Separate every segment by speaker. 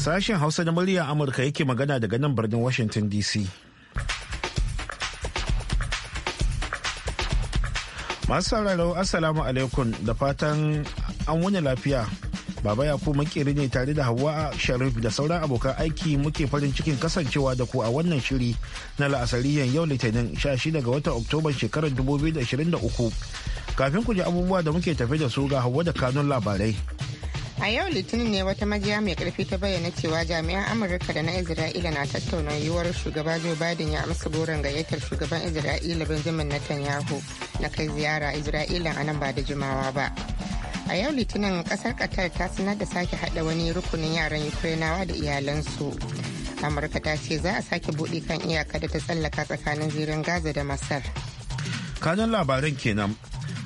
Speaker 1: Sashen Hausa na murya Amurka yake magana daga nan birnin Washington DC. Masu sauraro Assalamu alaikum da fatan an wuni lafiya. Baba ya ku makeri ne tare da Hauwa Sharif da sauran abokan aiki muke farin cikin kasancewa da ku a wannan shiri na la'asariyan yau Litinin 16 ga watan oktoba shekarar 2023. Kafin ku ji abubuwa da muke tafe da su ga Hauwa da kanun labarai.
Speaker 2: A yau Litinin ne wata majiya mai karfi ta bayyana cewa jami'an Amurka da na Isra'ila na tattauna yiwuwar shugaba Joe Biden ya amsa goron gayyatar shugaban Isra'ila Benjamin Netanyahu na kai ziyara Isra'ila a nan ba da jimawa ba. A yau Litinin kasar Qatar ta sanar da sake hada wani rukunin yaran Ukrainawa da iyalansu. Amurka ta ce za a sake buɗe kan iyaka da ta tsallaka tsakanin zirin Gaza da Masar.
Speaker 1: Kanan labaran kenan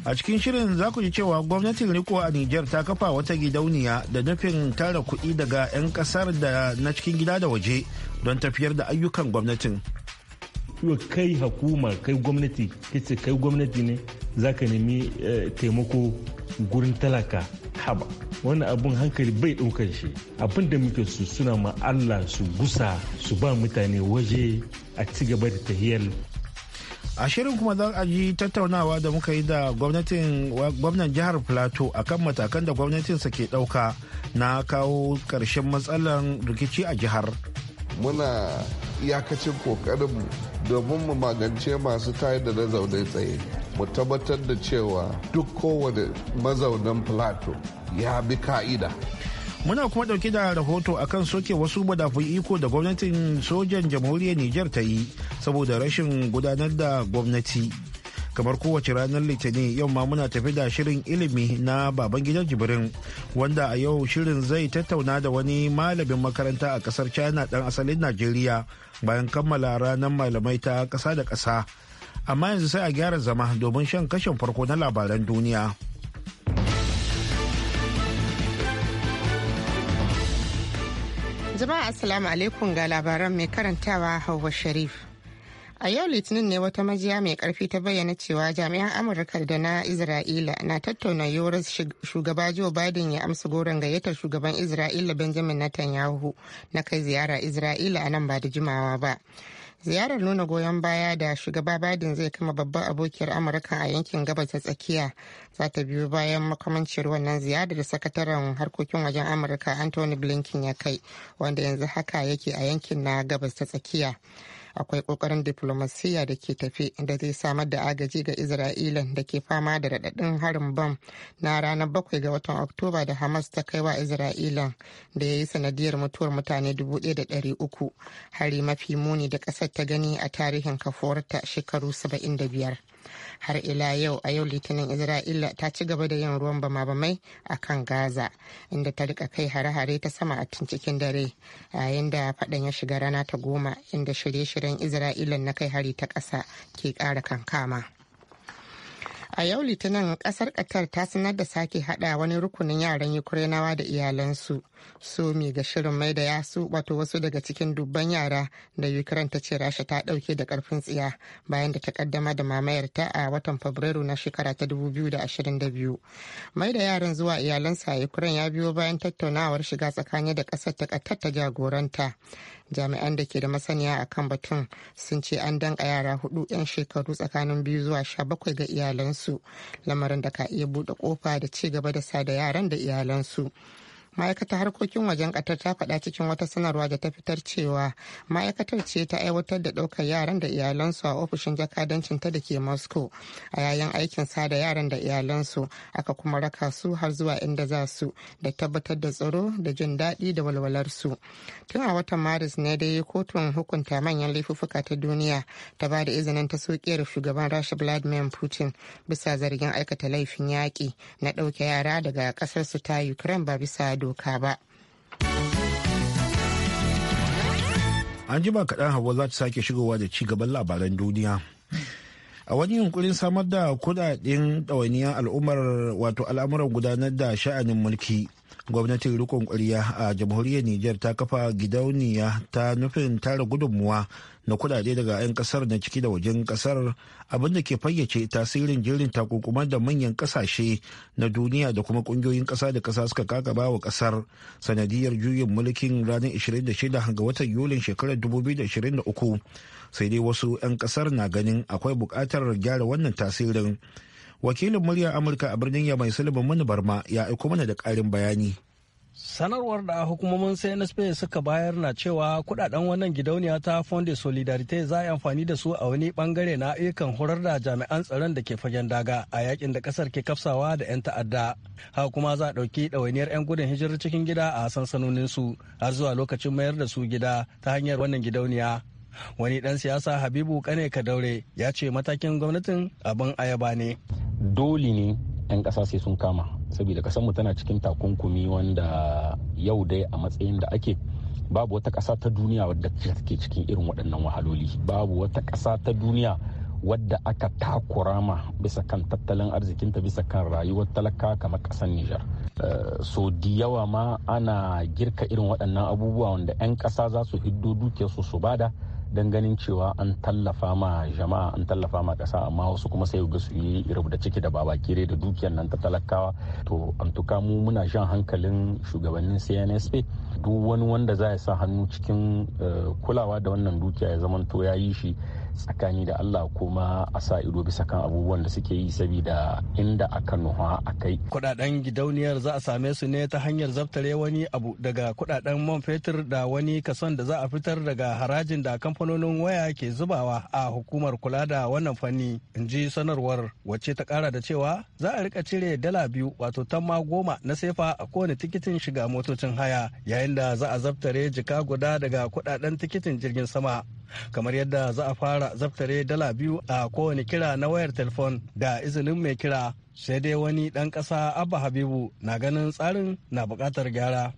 Speaker 1: a cikin shirin za ku ji cewa gwamnatin riko a niger ta kafa wata gidauniya da nufin tara kuɗi daga 'yan ƙasar da na cikin gida da waje don tafiyar da ayyukan gwamnatin
Speaker 3: kai hukuma kai gwamnati kace kai gwamnati ne za ka nemi eh, taimako gurin talaka haba wani abun hankali bai ɗaukar shi abin da muke su suna ma allah su gusa su ba mutane waje a ci
Speaker 1: gaba da tahiyar a shirin kuma za aji tattaunawa da muka yi da gwamnatin gwamnan jihar plateau akan matakan da gwamnatinsa ke dauka na kawo
Speaker 4: karshen matsalar rikici a jihar muna iyakacin kokarinmu domin mu magance masu tayar da na zaune tsaye mu tabbatar da cewa duk kowane mazaunan plateau ya bi ka'ida muna kuma dauke
Speaker 1: da rahoto akan soke wasu madafun iko da gwamnatin sojan jamhuriyar niger ta yi saboda rashin gudanar da gwamnati kamar kowace ranar litinin yau ma muna tafi da shirin ilimi na baban gidan jibirin wanda a yau shirin zai tattauna da wani malamin makaranta a kasar china dan asalin najeriya bayan kammala ranar malamai ta kasa da kasa amma yanzu sai a gyara zama domin shan kashin farko na labaran
Speaker 2: duniya jama'a assalamu alaikum ga labaran mai karantawa hauwa sharif a yau litinin ne wata majiya mai karfi ta bayyana cewa jami'an amurka da na isra'ila na tattauna yiwuwar shugaba joe biden ya amsa goron gayyatar shugaban isra'ila benjamin netanyahu na kai ziyara isra'ila a nan ba da jimawa ba ziyarar nuna goyon baya da shugaba biden zai kama babban abokiyar amurka a yankin gabas ta tsakiya za ta biyo bayan makamancin wannan ziyarar da sakataren harkokin wajen amurka anthony blinken ya kai wanda yanzu haka yake a yankin na gabas ta tsakiya akwai kokarin diplomasiya da ke tafi da zai samar da agaji ga isra'ila da ke fama da raɗaɗin harin bam na ranar bakwai ga watan oktoba da hamas ta kai wa isra'ila da ya yi sanadiyar mutuwar mutane dubu da ɗari uku hari mafi muni da ƙasar ta gani a tarihin kafuwarta shekaru da saba'in biyar. har ila yau a yau litinin isra'ila ta ci gaba da yin ruwan bama-bamai a kan gaza inda ta rika kai hare-hare ta sama a cikin dare yayin da fadan ya shiga rana ta goma inda shirye-shiryen isra'ilan na kai hari ta ƙasa ke ƙara kankama a yau litinin kasar qatar ta sanar da sake hada wani rukunin yaran ukrainawa da iyalansu su mi ga shirin mai da yasu wato wasu daga cikin dubban yara da ukraine ta ce rasha ta dauke da karfin tsiya bayan da ta kaddama da mamayarta a watan fabrairu na shekara ta 2022 mai da yaran zuwa iyalansa a ukraine ya biyo bayan tattaunawar shiga tsakani da kasar ta qatar ta jagoranta jami'an da ke da masaniya a kan batun sun ce an danka yara hudu 'yan shekaru tsakanin biyu zuwa sha bakwai ga iyalansu lamarin da ka iya buɗe kofa da ci gaba da sada yaran da iyalansu ma'aikatar harkokin wajen ƙatar ta faɗa cikin wata sanarwa da ta fitar cewa ma'aikatar ce ta aiwatar da ɗaukar yaran da iyalansu a ofishin jakadancin ta da ke moscow a yayin aikin sada yaran da iyalansu aka kuma raka su har zuwa inda za su da tabbatar da tsaro da jin daɗi da walwalarsu tun a watan maris ne dai kotun hukunta manyan laifuffuka ta duniya ta ba da izinin ta sokiyar shugaban rasha vladimir putin bisa zargin aikata laifin yaƙi na ɗauke yara daga ƙasarsu ta ukraine ba bisa doka ba.
Speaker 1: An jima kaɗan hawa za ta sake shigowa da ci gaban labaran duniya. a wani yunkurin samar da kudaden ɗawainiyar al'ummar wato al'amuran gudanar da sha'anin mulki gwamnatin rikon ƙwarya a jamhuriyar Nijar ta kafa gidauniya ta nufin tara gudunmuwa na kudade daga 'yan kasar na ciki da wajen kasar abinda ke fayyace tasirin jirin takunkuman da manyan kasashe na duniya da kuma kungiyoyin kasa da kasa suka kakaba wa kasar sanadiyar juyin mulkin ranar 26 ga watan yulin shekarar 2023 sai dai wasu 'yan kasar na ganin akwai bukatar gyara wannan tasirin wakilin muryar amurka a birnin yamai sulaiman mani barma ya aiko mana da karin bayani sanarwar da hukumomin
Speaker 5: cnsp suka bayar na cewa kudaden wannan gidauniya ta fonde solidarite za a yi amfani da su a wani bangare na ayyukan horar da jami'an tsaron da ke fagen daga a yakin da kasar ke kafsawa da 'yan ta'adda haka kuma za a ɗauki ɗawainiyar 'yan gudun hijirar cikin gida a sansanonin su har zuwa lokacin mayar da su gida ta hanyar wannan gidauniya wani dan siyasa habibu kane kadaure ya ce matakin gwamnatin abin ayaba ne
Speaker 3: dole ne 'yan ƙasa sai sun kama saboda kasanmu tana cikin takunkumi wanda yau dai a matsayin da ake babu wata ƙasa ta duniya wadda take cikin irin waɗannan wahaloli babu wata ƙasa ta duniya wadda aka takura ma bisa kan tattalin arzikinta bisa kan rayuwar talaka kamar kasar Nijar. Eh, so di yawa ma ana girka irin waɗannan abubuwa wanda 'yan ƙasa za su hiddo dukiyarsu su bada. don ganin cewa an tallafa ma jama'a an tallafa ma ƙasa amma wasu kuma sai ga su yi da ciki da baba kire da dukiyar nan ta talakawa to an tuka mu muna jan hankalin shugabannin cnsp duk wani wanda za ya sa hannu cikin eh, kulawa da wannan dukiya ya zamanto ya yi shi tsakani da Allah kuma a sa ido bisa kan abubuwan da suke yi saboda inda aka nuha a kai.
Speaker 5: Kudaden gidauniyar za a same su ne ta hanyar zaftare wani abu daga kudaden man fetur da wani kason da za a fitar daga harajin da kamfanonin waya ke zubawa a hukumar kula da wannan fanni in ji sanarwar wacce ta kara da cewa za a rika cire dala biyu wato tamma goma na sefa a kowane tikitin shiga motocin haya yayin da za a zaftare jika guda daga kudaden tikitin jirgin sama kamar yadda za a fara zaftare dala biyu a kowane kira na wayar telefon da izinin mai kira sai dai wani ɗan ƙasa abba habibu na ganin tsarin na buƙatar gyara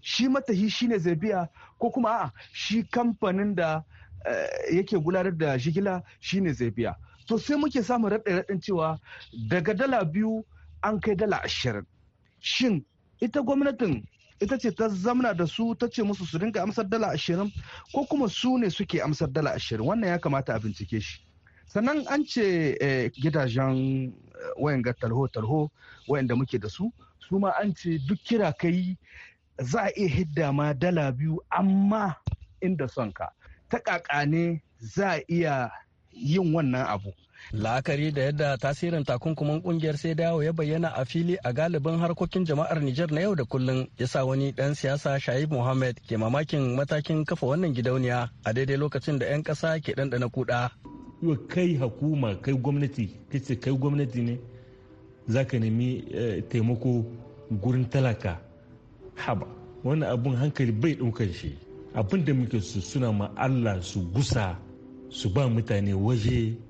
Speaker 5: shi matahi shine ne ko kuma a'a shi kamfanin da eh, yake gudanar da shigila shine ne biya to sai muke samun raɗe-raɗin cewa daga dala biyu an kai dala ashirin shin ita gwamnatin ita ce ta zamna da su ta ce musu su dinga amsar dala ashirin ko kuma su ne suke amsar dala ashirin wannan ya kamata a bincike shi sannan an ce eh, gidajen eh, wayan ga talho-talho wayanda muke da su su ma an ce duk kira kai za a iya hidda ma dala biyu amma inda son ka ta kaka ne za a iya yin wannan abu La'akari da yadda tasirin takunkuman kungiyar sai dawo ya bayyana a fili a galibin harkokin jama'ar Nijar na yau da kullum ya sa wani dan siyasa Shaib Mohammed ke mamakin matakin kafa wannan gidauniya a daidai lokacin da 'yan kasa ke ɗanɗana kuɗa.
Speaker 3: Kai hukuma kai gwamnati kace kai gwamnati ne za ka nemi eh, taimako gurin talaka haba wannan abun hankali bai ɗaukar shi abin da muke su suna ma Allah su gusa su ba mutane waje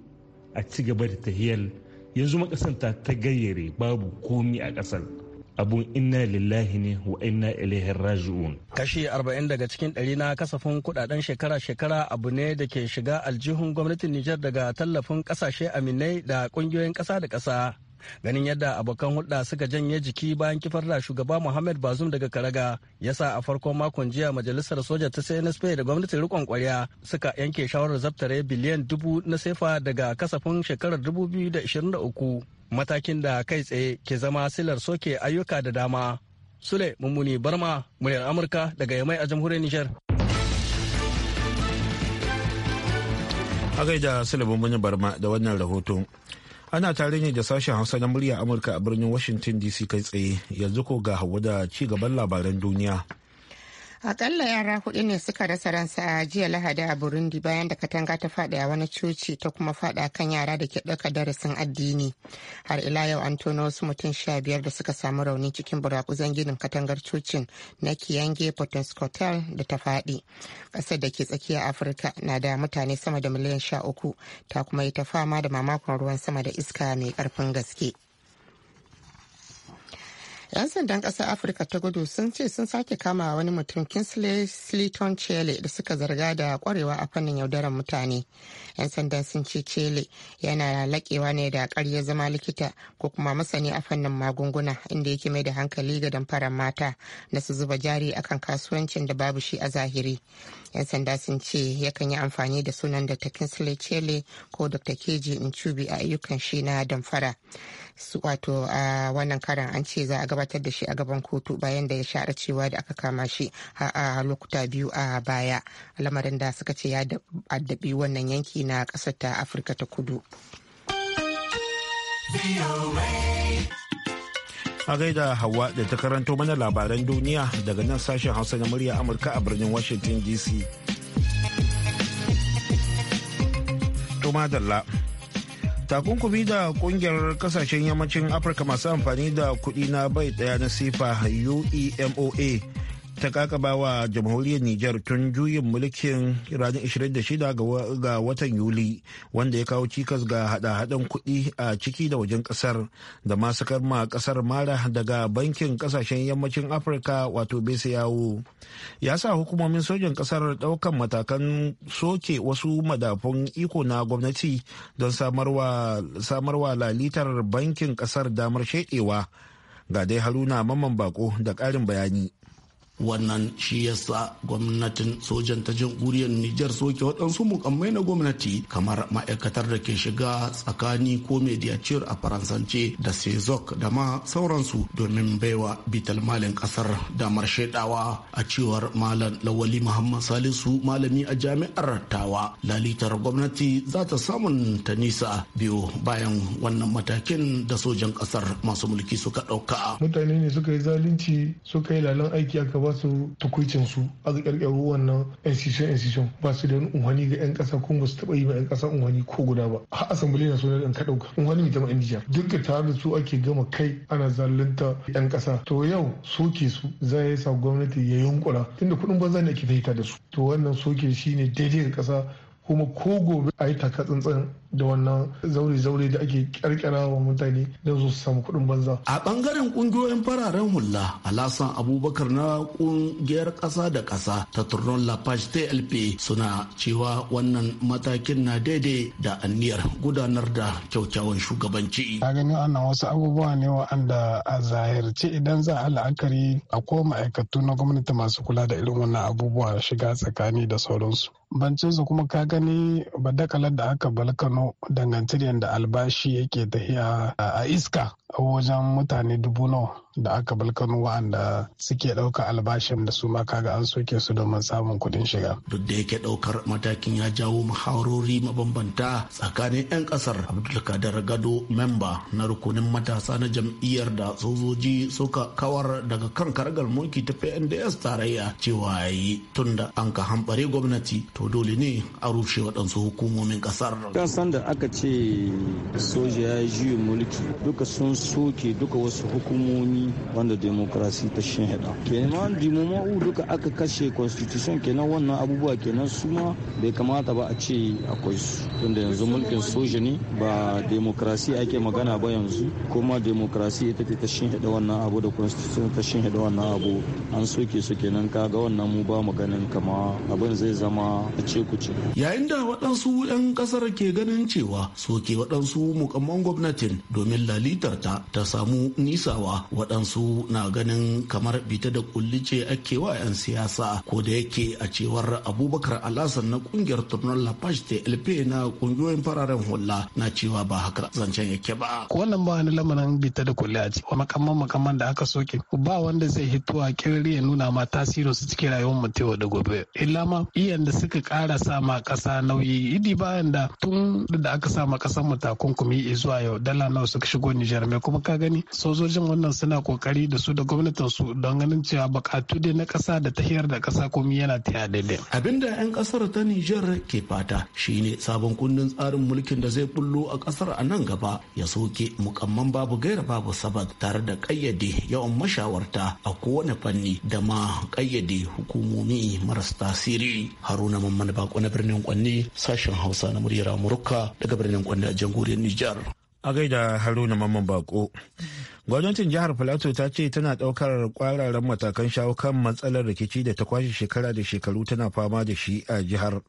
Speaker 3: a ci gaba da tahiyar yanzu makasanta ta gayyare babu komi a kasar abu inna lillahi ne wa inna ilaihi raji'un
Speaker 5: kashi 40 daga cikin ɗari na kasafin kudaden shekara-shekara abu ne da ke shiga aljihun gwamnatin Nijar daga tallafin kasashe aminai da kungiyoyin ƙasa da ƙasa ganin yadda abokan hulɗa suka janye jiki bayan kifar da shugaba muhammad bazum daga karaga ya sa a farkon makon jiya majalisar soja ta cnsp da gwamnatin rikon kwarya suka yanke shawarar zaftare biliyan dubu na sefa daga kasafin shekarar 2023 matakin da kai tsaye ke zama silar soke ayyuka da dama sule mummuni barma muryar amurka
Speaker 1: daga yamai a jamhuriyar nijar a gaida sule mummuni barma da wannan rahoton Ana tare ne da sashen Hausa na murya Amurka a birnin Washington DC kai tsaye yanzu ko ga hawa da ci gaban labaran duniya.
Speaker 2: akalla yara hudu ne suka rasa ransa a jiya lahadi a burundi bayan da katanga ta fada a wani coci ta kuma fada kan yara da ke ɗauka darasin addini har ila yau an tono wasu mutum sha biyar da suka samu rauni cikin burakuzan ginin katangar cocin na kiyange hotel da ta faɗi ƙasar da ke tsakiya afirka na da mutane sama da miliyan sha uku ta kuma yi ta fama da mamakon ruwan sama da iska mai karfin gaske. 'Yan sandan ƙasar Afirka ta gudu sun ce sun sake kama wani mutum Kinsley Sliton Chele da suka zarga da kwarewa a fannin yaudarar mutane. 'Yan sandan sun ce Chele yana laƙewa ne da ƙarya zama likita ko kuma masani a fannin magunguna inda yake mai da hankali ga damfarar mata na su zuba jari akan kasuwancin da babu shi a zahiri. 'Yan sanda sun ce yakan yi amfani da sunan da ta Kinsley Chele ko Dr. Keji in a ayyukan shi na damfara. wato a wannan karan an ce za a gabatar da shi a gaban kotu bayan da ya share cewa da aka kama shi a lokuta biyu a baya lamarin da suka ce ya addabi wannan yanki na ƙasar ta afirka ta kudu
Speaker 1: a gaida hawa da ta karanto mana labaran duniya daga nan sashen hausa na murya amurka a birnin washington dc to takunkumi da kungiyar kasashen yammacin afirka masu amfani da kuɗi na bai ɗaya na sifa uemoa ta kakaba wa jamhuriyar Nijar tun juyin mulkin ranar 26 ga watan Yuli wanda ya kawo cikas ga hada-hadan kuɗi a ciki da wajen ƙasar da masu karma ƙasar Mara daga bankin ƙasashen yammacin Afirka wato Bese yawo. Ya sa hukumomin sojan ƙasar ɗaukan matakan soke wasu madafun iko na gwamnati don samarwa lalitar bankin ƙasar damar
Speaker 6: sheƙewa. Ga dai Haruna Mamman Bako da ƙarin bayani. wannan shi yasa gwamnatin sojan ta jamhuriyar Nijar soke waɗansu mukammai na gwamnati kamar ma'aikatar da ke shiga tsakani ko mediatur a faransance da sezok da ma sauransu domin baiwa bital malin kasar damar shaidawa a cewar malam lawali muhammad salisu malami a jami'ar tawa lalitar gwamnati za ta samun ta nisa biyu bayan wannan matakin da sojan kasar masu mulki suka ɗauka mutane ne suka yi zalunci suka yi lalan aiki aka ba su tukuicin su a kyalkyaru wannan institution institution ba su da unhani ga 'yan kasa kuma ba su taɓa yi ma 'yan ƙasa unhani ko guda ba a asambili na sunan ka kaɗauka unhani mai jama'a nijar duka tare da su ake gama kai ana zalunta 'yan kasa to yau soke su za ya sa gwamnati ya yunkura tunda kuɗin banza ne ake fahimta da su to wannan soke shi ne daidai ga ƙasa kuma ko gobe a yi taka tsantsan da wannan zaure-zaure da ake kirkira wa mutane da su samu kuɗin banza. A bangaren kungiyoyin fararen hula, Alasan Abubakar na kungiyar kasa da kasa ta Turnon page TLP suna cewa wannan matakin na daidai da anniyar gudanar da kyaukyawan shugabanci. A gani wannan wasu abubuwa ne
Speaker 5: wa'anda a zahirce idan za a la'akari a ko ma'aikatu na gwamnati masu kula da irin wannan abubuwa shiga tsakani da sauransu. Bancinsu kuma ka gani badakalar da aka balkano Kano dangantar da albashi yake tafiya a iska a wajen mutane dubu nawa da aka balkano wa'anda suke ɗaukar albashin da su ma kaga
Speaker 6: an soke su domin samun kuɗin shiga. Duk da yake ɗaukar matakin ya jawo muhawarori mabambanta tsakanin 'yan ƙasar Abdulkadir Gado memba na rukunin matasa na jam'iyyar da sojoji suka kawar daga kan karagar mulki ta PNDS tarayya cewa yayi tunda an ka hambare gwamnati to dole ne a rushe waɗansu hukumomin ƙasar.
Speaker 5: Kan sanda aka ce soja ya juyin mulki duka sun soke duka wasu hukumomi wanda demokrasi ta shinhida kenan dimoma'u duka aka kashe constitution kenan wannan abubuwa kenan su ma bai kamata ba a ce akwai su tunda yanzu mulkin soja ne ba demokrasi ake magana ba yanzu kuma demokrasi ita ce ta shinhida wannan abu da constitution ta shinhida wannan abu an soke su kenan kaga wannan mu ba maganin kama abin zai zama a ce kuce
Speaker 6: yayin da waɗansu 'yan kasar ke ganin cewa soke waɗansu mukamman gwamnatin domin lalitar ta kamata ta samu nisawa waɗansu na ganin kamar bita da kulli ce ake wa 'yan siyasa ko da yake a cewar abubakar alasan na kungiyar turnar page da lp na kungiyoyin fararen hula na cewa ba haka zancen yake ba wannan ba wani lamarin bita da kulli
Speaker 5: a ce makamman makamman da aka soke ba wanda zai hito a kirari ya nuna ma tasirin
Speaker 7: su cikin rayuwar mutum da gobe
Speaker 5: illa ma iyan da suka kara sama kasa nauyi idi bayan da tun da aka sama kasar mu takunkumi zuwa yau dala nawa suka shigo Nijar kuma ka gani sojojin wannan suna kokari da su da gwamnatin su don ganin cewa bukatu dai na kasa da tahiyar da
Speaker 6: kasa komi yana taya daidai abinda yan kasar ta Nijar ke fata shine sabon kundin tsarin mulkin da zai bullo a kasar a nan gaba ya soke mukamman babu gaira babu sabat tare da kayyade yawan mashawarta a kowane fanni da ma kayyade hukumomi maras tasiri haruna mamman bako na birnin kwanne sashen hausa na muryar amurka daga birnin kwanne a jamhuriyar Nijar. a gaida haruna mamman bako
Speaker 1: gwamnatin jihar plateau ta ce tana daukar kwararren matakan shawo kan matsalar rikici da ta kwashe shekara da shekaru tana fama da shi a jihar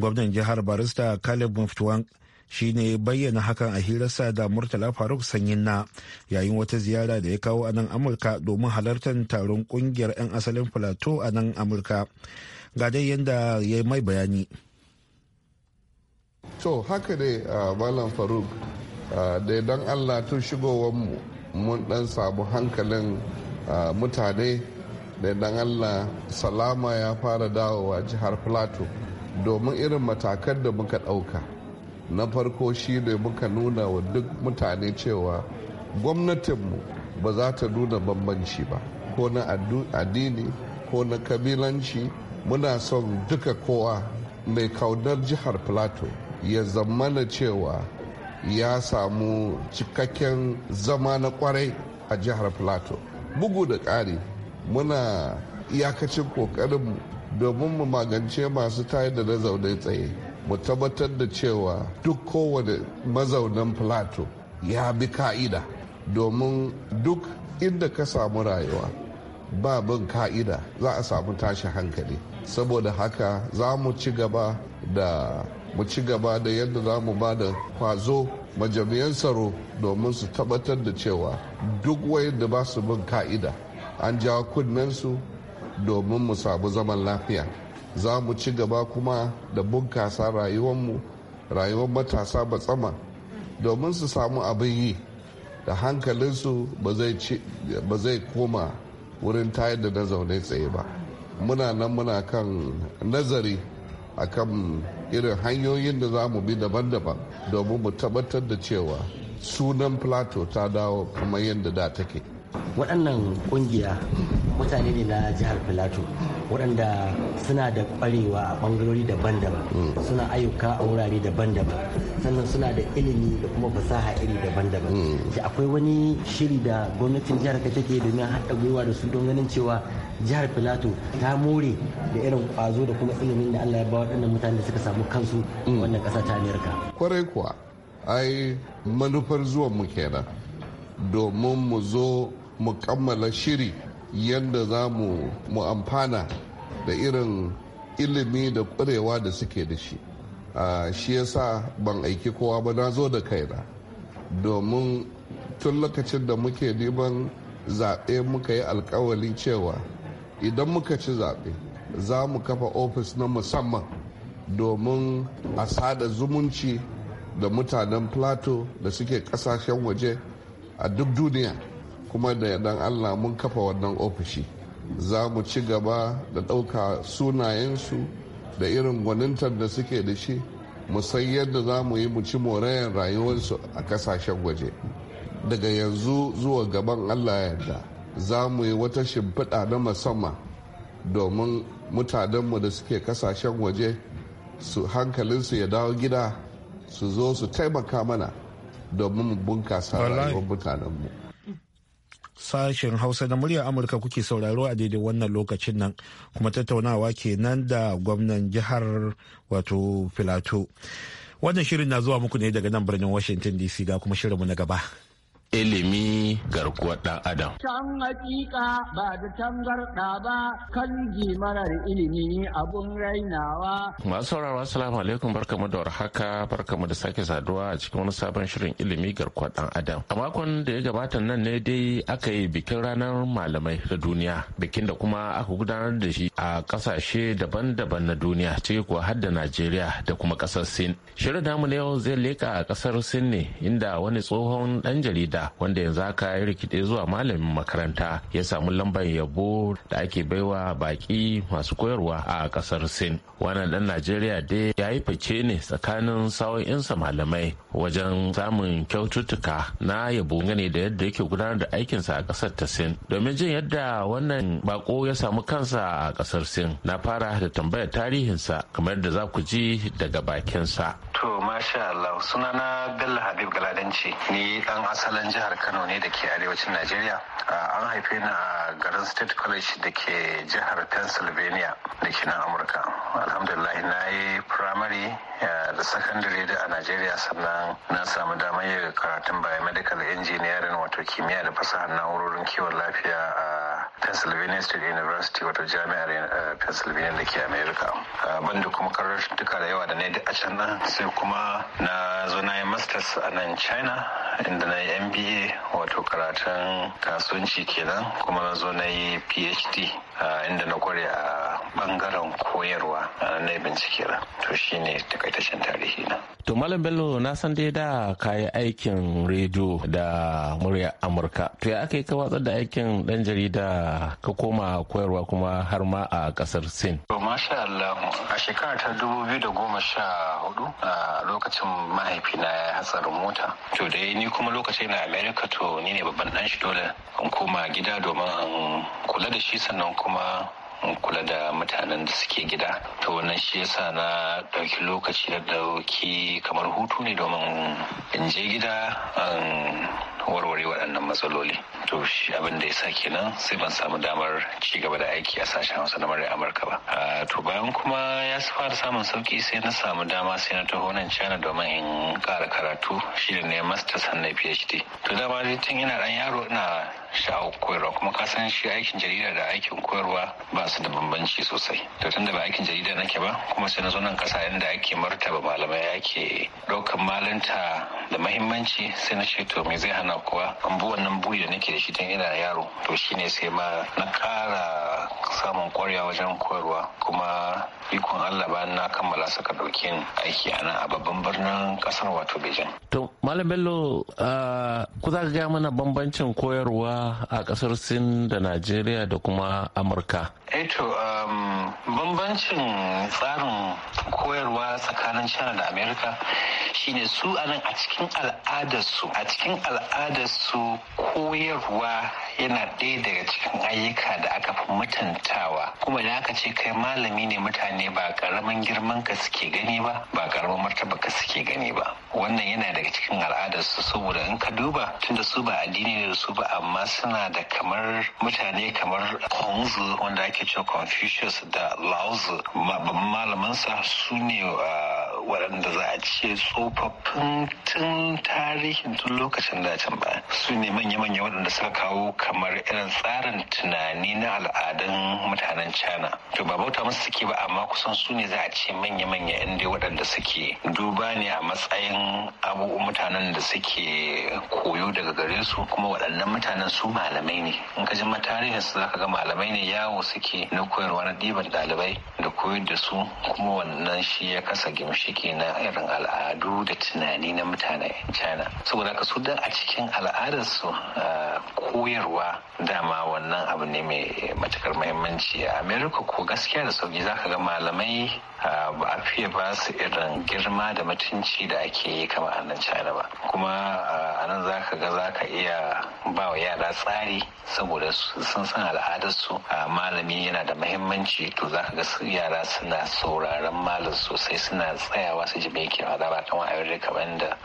Speaker 1: gwamnan jihar barista caleb muftuwan shi ne bayyana hakan a hirarsa da murtala faruk sanyin na yayin wata ziyara da ya kawo a nan amurka domin halartar taron kungiyar 'yan asalin plateau a nan
Speaker 4: amurka ga dai yadda ya mai bayani to haka dai ah, malam faruk Ah, da don allah tun shigowanmu mun dan samu hankalin ah, mutane da don allah salama ya fara dawowa jihar plateau domin irin matakan da muka ɗauka na farko shi ne muka nuna wa duk mutane cewa gwamnatinmu ba za ta nuna bambanci ba ko na addini ko na kabilanci muna son duka kowa mai kaunar jihar plateau ya zammana cewa ya samu cikakken zama na kwarai a jihar plateau bugu da ƙari muna iyakacin ƙoƙarin domin mu magance masu tayar da na zaune tsaye mu tabbatar da cewa duk kowane mazaunan plateau ya bi ka'ida domin duk inda ka samu rayuwa ba bin ka'ida za a samu tashi hankali saboda haka za mu ci gaba da mu ci gaba da yadda za mu ba da kwazo majami'an tsaro domin su tabbatar da cewa duk wayanda ba su bin ka'ida an jawo kunnensu domin mu sabu zaman lafiya za mu ci gaba kuma da bunkasa rayuwarmu rayuwar matasa ba tsama domin su samu abin yi da hankalinsu ba zai koma wurin tayar da na zaune tsaye ba muna nan muna kan nazari akan irin hanyoyin da za mu bi daban-daban domin mu tabbatar da cewa sunan plateau ta dawo kamar yadda da take waɗannan ƙungiya mutane ne na jihar Filato
Speaker 8: waɗanda suna da ƙwarewa a ɓangarori daban-daban mm. suna ayyuka a wurare daban-daban sannan suna da ilimi da kuma fasaha iri daban-daban da mm. akwai wani shiri da gwamnatin jihar ka take domin haɗa gwiwa da su don ganin cewa jihar Filato ta more da irin ƙwazo da kuma ilimin da Allah ya ba waɗannan mutane da suka samu kansu mm. wannan ƙasa ta Amerika.
Speaker 4: Kwarai kuwa ai manufar zuwan mu kenan domin mu zo mu kammala shiri yadda za mu amfana da irin ilimi da kwarewa da suke da shi shi yasa ban aiki kowa ba na zo da kaina domin tun lokacin da muke neman zaɓe muka yi alkawali cewa idan muka ci zaɓe za mu kafa ofis na musamman domin a sada zumunci da mutanen plato da suke ƙasashen waje a duk duniya kuma da dan allah mun kafa wannan ofishi za mu ci gaba da ɗauka sunayensu da irin gwanintar da suke da shi mu san yadda za mu yi mu ci morayen rayuwarsu a kasashen waje daga yanzu zuwa gaban allah yadda za mu yi wata shimfiɗa na musamman domin mutanenmu da suke kasashen waje su hankalinsu ya dawo gida su zo su taimaka mana domin bunkasa rayuwar mutanenmu
Speaker 1: sashen hausa na muryar amurka kuke sauraro a daidai wannan lokacin nan kuma tattaunawa kenan da gwamnan jihar wato filato wannan shirin na zuwa muku ne daga nan birnin washington dc ga kuma shirinmu na gaba ilimi garkuwar ɗan adam.
Speaker 8: Can hakika ba da tangarɗa ba kan marar ilimi abun rainawa.
Speaker 3: Masu sauraro salamu alaikum barkamu da warhaka barkamu da sake saduwa a cikin wani sabon shirin ilimi garkuwar ɗan adam. A makon da ya gabata nan ne dai aka yi bikin ranar malamai da duniya bikin da kuma aka gudanar da shi a ƙasashe daban-daban na duniya ciki kuwa har da Najeriya da kuma ƙasar Sin. Shirin namu na yau zai leƙa a ƙasar Sin ne inda wani tsohon ɗan jarida wanda yanzu haka ya rikide zuwa malamin makaranta ya samu lambar yabo da ake baiwa baki masu koyarwa a kasar sin wannan dan najeriya dai ya yi fice ne tsakanin sa malamai wajen samun kyaututtuka na yabo gane da yadda yake gudanar da aikinsa a kasar ta sin domin jin yadda wannan bako ya samu kansa a kasar sin na fara da tambayar tarihinsa kamar da za ku ji daga bakinsa
Speaker 7: to masha Allah sunana Bello Habib Galadanci ni dan asalin jihar Kano ne da ke arewacin Najeriya. An haife ni a garin State College da ke jihar Pennsylvania da ke nan Amurka. Alhamdulillah na yi primary eh, da secondary da a Najeriya sannan na samu damar yin karatun biomedical engineering wato kimiyya da fasahar na'urorin kiwon lafiya a Pennsylvania State University wato jami'ar eh, Pennsylvania da ke America. Ban da kuma duka da yawa da na yi a can nan sai kuma na zo na yi masters a nan China inda na yi MBA mba wato karatun kasuwanci kenan kuma na zo na yi phd inda na kware a bangaren koyarwa eh, na bincike ba to shine takaitaccen tarihi na to
Speaker 3: malam bello na san dai da kayi aikin rediyo da murya amurka to ya aka yi ka watsar da aikin dan jarida ka koma koyarwa kuma har ma a kasar sin
Speaker 7: to masha allah a shekara ta dubu biyu da goma sha hudu a lokacin mahaifina ya hatsarin mota to da ni kuma lokacin na america to ni ne babban dan shi dole in koma gida domin kula da shi sannan kuma in kula da mutanen da suke gida to wannan shi yasa na ɗauki lokaci da ɗauki kamar hutu ne domin in je gida warware waɗannan matsaloli to shi abin da ya sa kenan sai ban samu damar ci gaba da aiki a sashen hausa na murya amurka ba to bayan kuma ya fara samun sauki sai na samu dama sai na taho nan china domin in ƙara karatu shi da ne masters na phd to dama dai tun ina ɗan yaro ina sha'awar koyarwa kuma ka san shi aikin jarida da aikin koyarwa ba su da bambanci sosai to tun da ba aikin jarida nake ba kuma sai na zo nan ƙasa inda ake martaba malamai ake ɗaukan malanta da mahimmanci sai na ce to me zai hana kuwa an bi wannan buri da nake da shi tun ina yaro to shine sai ma na kara samun kwarewa wajen koyarwa kuma ikon Allah bayan na kammala saka dauke aiki a nan a babban birnin kasar wato Bejan.
Speaker 3: To Malam Bello ku za ka gaya mana bambancin koyarwa a kasar Sin da Najeriya da kuma Amurka.
Speaker 7: Eh to um, bambancin tsarin koyarwa tsakanin China da Amerika shine su a nan a cikin al'adarsu a cikin al'adarsu koyarwa yana ɗaya daga cikin ayyuka da aka fi mutuntawa kuma idan aka ce kai malami ne mutane ba ƙaramin girman ka suke gani ba ba karamin martaba ka suke gani ba wannan yana daga cikin al'adar su saboda in ka duba tunda su ba addini ne su ba amma suna da kamar mutane kamar Konzu wanda ake cewa Confucius da Laozi malamansa su ne ah, waɗanda za a ce tsofaffin tun tarihin tun lokacin da can ba. su ne manya-manya waɗanda suka kawo kamar irin tsarin tunani na al'adun mutanen china to ba bauta musu suke ba amma kusan su ne za a ce manya-manya inda waɗanda suke duba ne a matsayin abubuwan mutanen da suke koyo daga gare su kuma waɗannan mutanen su malamai ne in ka ji tarihin su zaka ga malamai ne yawo suke na koyarwa na ɗiban ɗalibai da koyar da su kuma wannan shi ya kasa gimshi shishike na irin al'adu da tunani na mutanen china saboda ka su dan a cikin al'adarsu koyarwa dama wannan abu ne mai matukar muhimmanci a america ko gaskiya da sauki zaka ga malamai ba a fiye ba su irin girma da mutunci da ake yi kama a nan china ba kuma a nan zaka ga zaka iya ba wa yara tsari saboda sun san al'adarsu a malami yana da mahimmanci to za ka ga su yara suna sauraron malam sosai suna tsayawa su ji mai kira da ba kamar a kamar da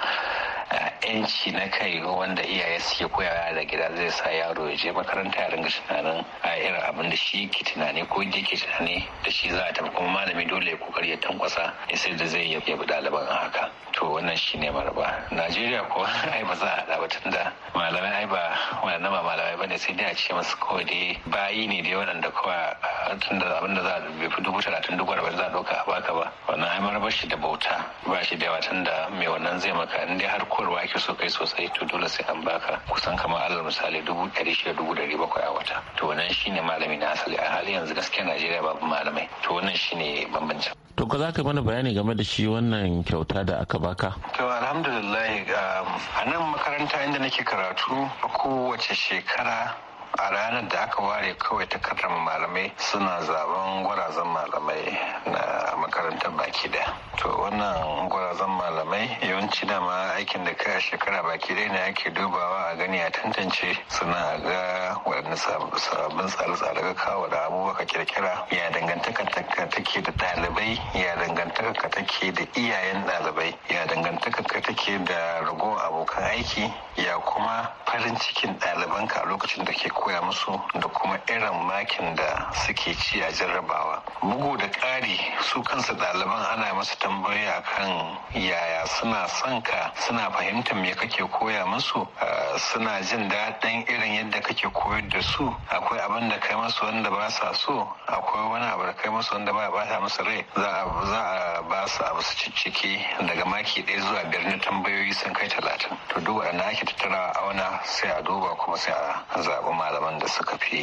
Speaker 7: yanci na kai wanda iyaye suke koyawa da gida zai sa yaro ya je makaranta ya ringa tunanin a irin abin da shi ke tunani ko da ke tunani da shi za a tafi kuma malami dole ya kokari ya tankwasa ya sai da zai yabi daliban a haka to wannan shi ne maraba najeriya ko ai ba za a haɗa ba tunda malamai ai ba waɗannan ba malamai ba ne sai dai a ce masu kawai dai bayi ne dai waɗanda kawai tunda abin da za a dubu talatin dubu arba'in za a ɗauka ba ba wannan haimar ba shi da bauta ba shi da yawa da mai wannan zai maka in dai har korwa ake so kai sosai to dole sai an baka kusan kamar alal misali dubu ɗari shida dubu ɗari bakwai a wata to wannan shine malami na asali a
Speaker 3: halin yanzu gaskiya najeriya babu malamai to wannan shine bambancin to ka za ka mana bayani game da shi wannan kyauta da aka baka
Speaker 7: to alhamdulillah um, a nan makaranta inda nake karatu a kowace shekara a ranar da aka ware kawai takardar malamai suna zaben gwarazan malamai na makarantar baki da to wannan gwarazan malamai yawanci dama aikin da kai a shekara baki dai ne ake dubawa a gani a tantance suna ga waɗanne sabbin tsare-tsare ga kawo da abubuwa ka kirkira ya dangantaka take da ɗalibai ya dangantaka take da iyayen ɗalibai ya dangantaka take da rago abokan aiki ya kuma farin cikin ɗalibanka a lokacin da ke koya musu da kuma irin makin da suke ci a jarrabawa bugu da ƙari su kansu ɗaliban ana masu tambaya kan yaya suna son ka suna fahimtar me kake koya musu eh, suna jin daɗin irin yadda kake koyar da su akwai abin da kai masu wanda ba sa so akwai wani abu da kai masu wanda ba bata musu rai za a ba su abu su cicciki daga maki ɗaya zuwa biyar na tambayoyi sun kai talatin to duk waɗanda ake tattara auna sai a duba kuma sai a zaɓi ma malaman da suka fi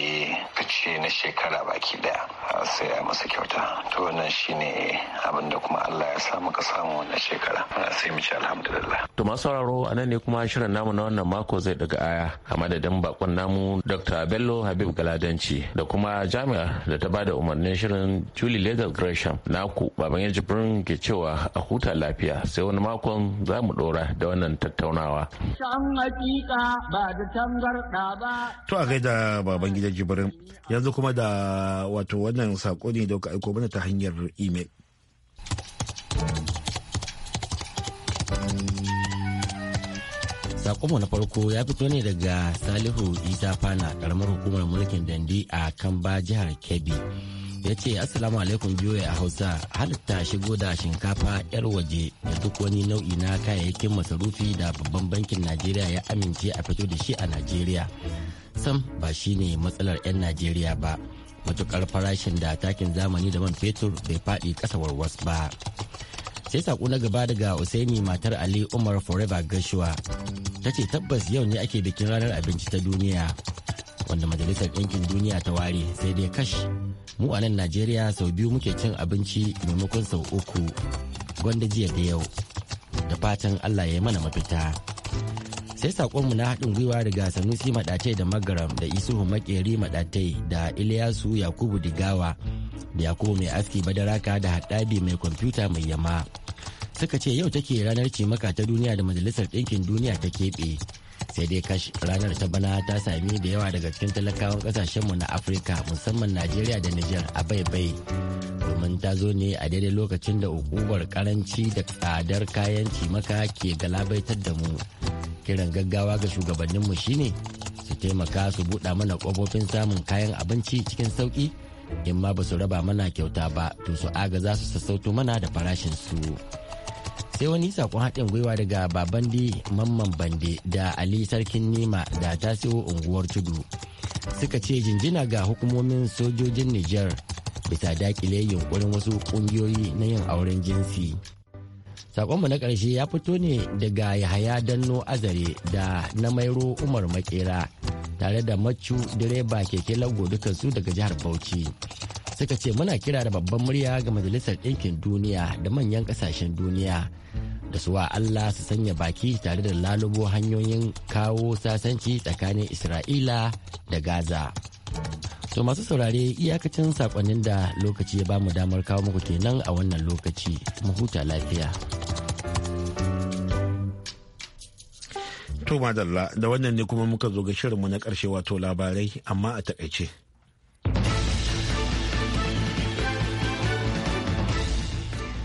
Speaker 7: kace na shekara baki daya sai a masa kyauta to wannan shine abin da kuma Allah ya sa muka samu wannan shekara sai mu ci alhamdulillah
Speaker 3: to masu sauraro anan ne kuma shirin namu na wannan mako zai daga aya a madadin bakon namu Dr. Bello Habib Galadanci da kuma jami'a da ta bada umarnin shirin Julie Legal Gresham naku baban ya jibrin ke cewa a huta lafiya sai wani makon
Speaker 1: za mu dora da wannan tattaunawa.
Speaker 8: ba da
Speaker 1: To a gaida baban jibirin yanzu kuma da wato wannan sako ne da
Speaker 8: aiko mana ta hanyar imel. sakonmu na farko ya fito ne daga salihu isa fana karamar hukumar mulkin dandi a kamba jihar kebbi ya ce assalamu alaikum biyoyi a hausa halitta shigo da shinkafa yar waje da duk wani nau'i na kayayyakin masarufi da babban bankin najeriya ya amince a fito da shi a najeriya sam ba shine matsalar 'yan najeriya ba matukar farashin da takin zamani da man fetur bai faɗi ƙasa warwas ba sai saƙo na gaba daga usaini matar ali umar forever gashua ta ce tabbas yau ne ake bikin ranar abinci ta duniya wanda majalisar ɗinkin duniya ta ware sai dai kashi mu a nan najeriya sau biyu muke cin abinci maimakon sau uku gwanda jiya da yau da fatan allah ya yi mana mafita sai saƙonmu na haɗin gwiwa daga sanusi maɗatai da magaram da isuhu makeri maɗatai da iliyasu yakubu digawa da yakubu mai aski badaraka da haɗabi mai kwamfuta mai yama suka ce yau take ranar cimaka ta duniya da majalisar ɗinkin duniya ta keɓe sai dai kash ranar ta bana ta sami da yawa daga cikin talakawan kasashenmu na afirka musamman najeriya da niger a baibai domin ta zo ne a daidai lokacin da ukubar karanci da tsadar kayan cimaka ke galabaitar da mu kiran gaggawa ga shugabanninmu shine su taimaka su buɗa mana ƙofofin samun kayan abinci cikin sauƙi in ma ba su raba mana kyauta ba to su aga za su sassauto mana da farashin su. sai wani sakon haɗin gwiwa daga babandi mamman bande da ali sarkin nima da ta siyo unguwar tudu suka ce jinjina ga hukumomin sojojin niger bisa dakile yunkurin wasu ƙungiyoyi na yin auren jinsi sakonmu na ƙarshe ya fito ne daga yahaya danno azare da na mairo umar makera tare da macu direba keke lago dukansu daga jihar bauchi suka ce muna kira da babban murya ga majalisar ɗinkin duniya da manyan ƙasashen duniya da suwa Allah su sanya baki tare da lalubo hanyoyin kawo sasanci tsakanin Isra'ila da Gaza. To masu saurare iyakacin sakonnin da lokaci ya bamu damar kawo muku kenan a wannan lokaci mu huta lafiya.
Speaker 1: To madalla da wannan ne kuma muka zo ga shirinmu na karshe wato labarai amma a takaice.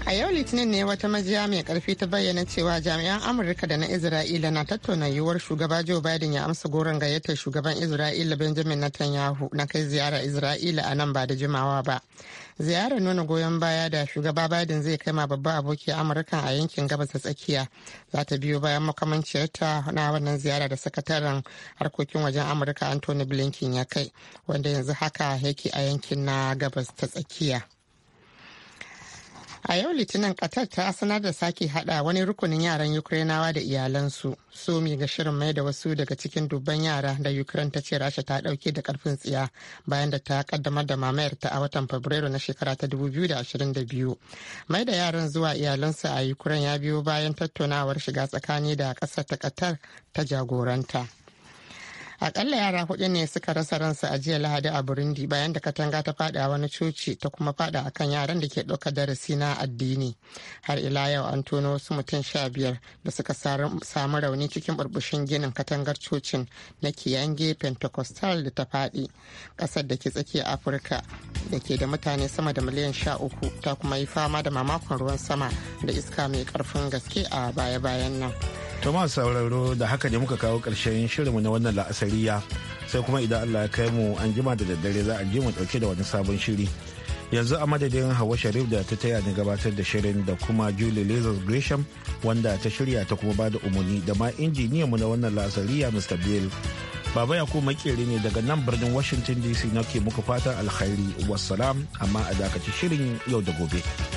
Speaker 2: a yau litinin ne wata majiya mai karfi ta bayyana cewa jami'an amurka da na isra'ila na tattauna yiwuwar shugaba joe biden ya amsa goron gayyatar shugaban isra'ila benjamin netanyahu na kai ziyara isra'ila a nan ba da jimawa ba ziyarar nuna goyon baya da shugaba biden zai kai ma babban aboki amurka a yankin gabas ta tsakiya za ta biyo bayan makamanciyarta na wannan ziyara da sakataren harkokin wajen amurka anthony blinken ya kai wanda yanzu haka yake a yankin na gabas ta tsakiya a yau litinin qatar ta sanar da sake hada wani rukunin yaran ukrainawa da iyalansu su mi ga shirin mai da wasu daga cikin dubban yara da ukraine ta ce rasha ta dauke da karfin tsiya bayan da ta kaddamar da mamayar ta a watan fabrairu na shekara ta 2022 mai da yaran zuwa iyalansu a ukraine ya biyo bayan tattaunawar shiga tsakani da kasar ta qatar ta jagoranta akalla yara hudu ne suka rasa ransa a jiya lahadi a burundi bayan da katanga ta fada wani coci ta kuma fada kan yaran da ke ɗauka darasi na addini har ila yau an tono wasu mutum sha biyar da suka samu rauni cikin burbushin ginin katangar cocin na kiyange pentecostal da ta fadi ƙasar da ke tsakiya afirka da ke da mutane sama da miliyan sha uku ta kuma yi fama da mamakon ruwan sama da iska mai karfin gaske a baya-bayan nan.
Speaker 1: Thomas sauraro da haka ne muka kawo ƙarshen shirinmu na wannan la'asariya sai kuma idan Allah ya kai mu an jima da daddare za a je mu ɗauke da wani sabon shiri. Yanzu a madadin Hawa Sharif da ta taya ni gabatar da shirin da kuma Julie Lazarus Gresham wanda ta shirya ta kuma bada umarni da ma injiniyanmu na wannan la'asariya Mr. Bill. Baba Yakubu makere ne daga nan birnin Washington DC na ke muka fatan alkhairi wassalam amma a dakaci shirin yau da gobe.